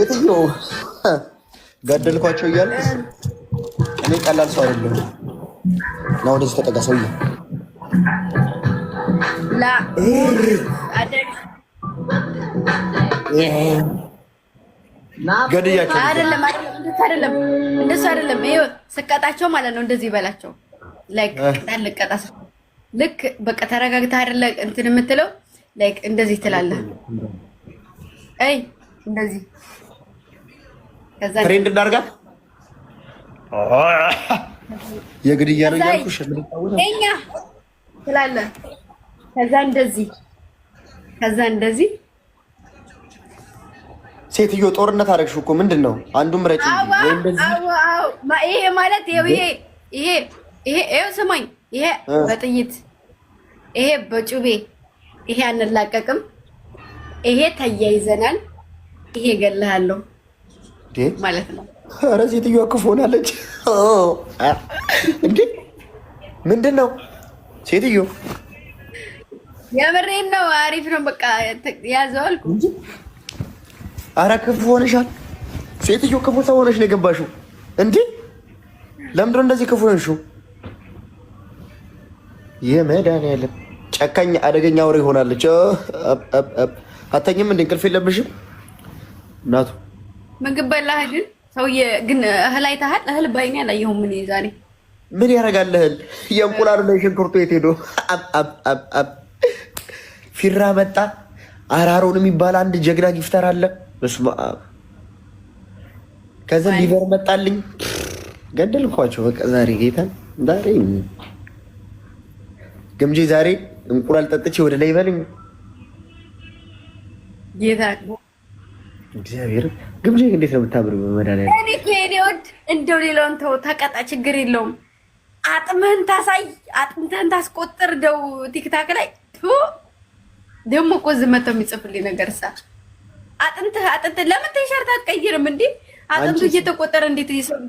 የትኛው ገደልኳቸው እያለ እኔ ቀላል ሰው አይደለም። ና ወደዚህ ተጠጋ ሰውዬ። እንደሱ አይደለም። ስቀጣቸው ማለት ነው እንደዚህ ይበላቸው። ላይክ ልቀጣ ልክ በቃ ተረጋግተህ አይደለ እንትን የምትለው ላይክ እንደዚህ ትላለህ አይ እንደዚህ ከዛ ትሬንድ እናድርጋት። የግድያ ነው ያልኩሽ እኛ ትላለህ። ከዛ እንደዚህ ከዛ እንደዚህ ሴትዮ ጦርነት አደረግሽ እኮ ምንድን ነው? አንዱ ምረጭ ይሄ ማለት ይሄ ይሄ ይሄ ይሄ ስማኝ፣ ይሄ በጥይት ይሄ በጩቤ ይሄ አንላቀቅም ይሄ ተያይዘናል፣ ይሄ እገልሃለሁ ማለት ነው። ኧረ ሴትዮዋ ክፉ ሆናለች እንዴ! ምንድን ነው ሴትዮ? የምሬን ነው። አሪፍ ነው። በቃ ያዘው አልኩ። ኧረ ክፉ ሆነሻል ሴትዮ። ክፉ ሰው ሆነሽ ነው የገባሽው እንዴ! ለምድሮ እንደዚህ ክፉ ሆንሽው? የመድኃኒዓለም ጨካኝ አደገኛ አውሬ ሆናለች። አተኝም እንደ እንቅልፍ የለብሽም እናቱ ምግብ በላህ ግን ሰውዬ ግን እህል አይተሃል? እህል ባይኔ አላየሁም። ምን ዛሬ ምን ያደርጋል እህል የእንቁላሉና የሽንኩርቱ የት ሄዶ ፊራ መጣ። አራሮን የሚባል አንድ ጀግና ጊፍተር አለ። በስመ አብ ከዚያ ሊቨር መጣልኝ። ገደልኳቸው በቃ ዛሬ ጌታ ዛሬ ግምጄ ዛሬ እንቁላል ጠጥቼ ወደ ላይ በልኝ እግዚአብሔር ግብዣ እንዴት ነው የምታምር? መድኃኒዓለም እኔ እንደው ሌላውን ተው ተቀጣ፣ ችግር የለውም። አጥምህን ታሳይ፣ አጥንተህን ታስቆጥር። ደው ቲክታክ ላይ ደግሞ እኮ ዝም መተው የሚጽፍልኝ ነገር ሳ አጥንትህ አጥንትህ ለምን ቲሸርት አትቀይርም እንዴ? አጥንቱ እየተቆጠረ እንዴት ይሰው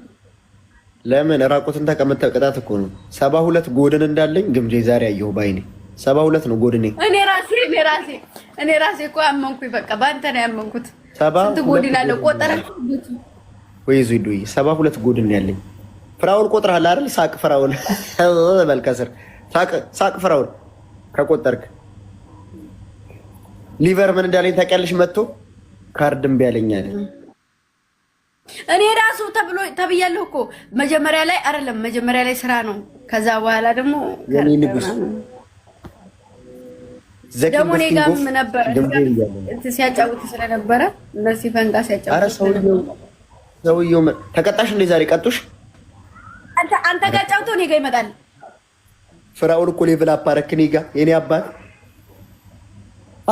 ለምን ራቁትን ተቀምጠ ቅጣት እኮ ነው። ሰባ ሁለት ጎድን እንዳለኝ ግምጄ ዛሬ አየሁ ባይኔ። ሰባ ሁለት ነው ጎድኔ እኔ ራሴ እኔ ራሴ እኔ ራሴ እኮ አመንኩኝ። በቃ በአንተ ነው ያመንኩት። ስንት ጎድን አለው ቆጠረ ወይ? ዙ ዱይ ሰባ ሁለት ጎድን ያለኝ ፍራውን ቆጥረሃል አይደል? ሳቅ ፍራውን መልከስር ሳቅ ፍራውን ከቆጠርክ ሊቨር ምን እንዳለኝ ታውቂያለሽ? መጥቶ ካርድም ቢያለኝ አለ። እኔ ራሱ ተብሎ ተብያለሁ እኮ መጀመሪያ ላይ አይደለም፣ መጀመሪያ ላይ ስራ ነው። ከዛ በኋላ ደግሞ የኔ ንጉስ ሰውየው ተቀጣሽ እንደ ዛሬ ቀጡሽ። አንተ ጋር ጫውቶ እኔ ጋር ይመጣል። ፍራውን እኮ ሌቭል አፓረክ እኔ ጋር የኔ አባት።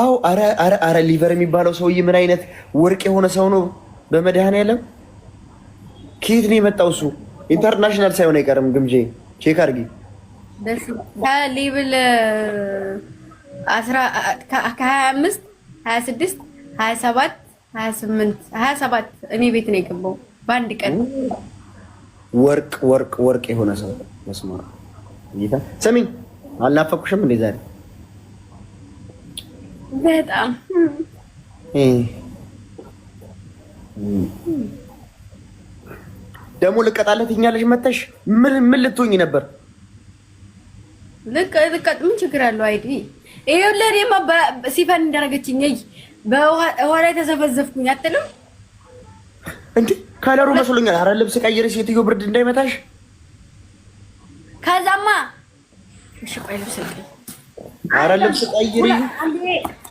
አዎ አረ ሊቨር የሚባለው ሰውዬ ምን አይነት ወርቅ የሆነ ሰው ነው በመድኃኔዓለም። ከየት ነው የመጣው እሱ? ኢንተርናሽናል ሳይሆን አይቀርም። ግምጄ ቼክ አድርጊ 25 26 27 28 እኔ ቤት ነው የገባው በአንድ ቀን። ወርቅ ወርቅ ወርቅ የሆነ ሰው መስማ ጌታ እንዴ ዛሬ በጣም ደግሞ ልቀጣለት ትኛለሽ መተሽ ምን ምን ልትሆኝ ነበር? ልቀጥ ምን ችግር አለው? አይዲ ይሄ ለኔማ ሲፈን እንዳረገችኝ እይ በውሃ ላይ ተዘፈዘፍኩኝ አትልም እንዴ? ከለሩ መስሎኛል። አረ ልብስ ቀይር ሴትዮ ብርድ እንዳይመታሽ። ከዛማ እሺ ቆይ ልብስ ቀይር። አረ ልብስ ቀይር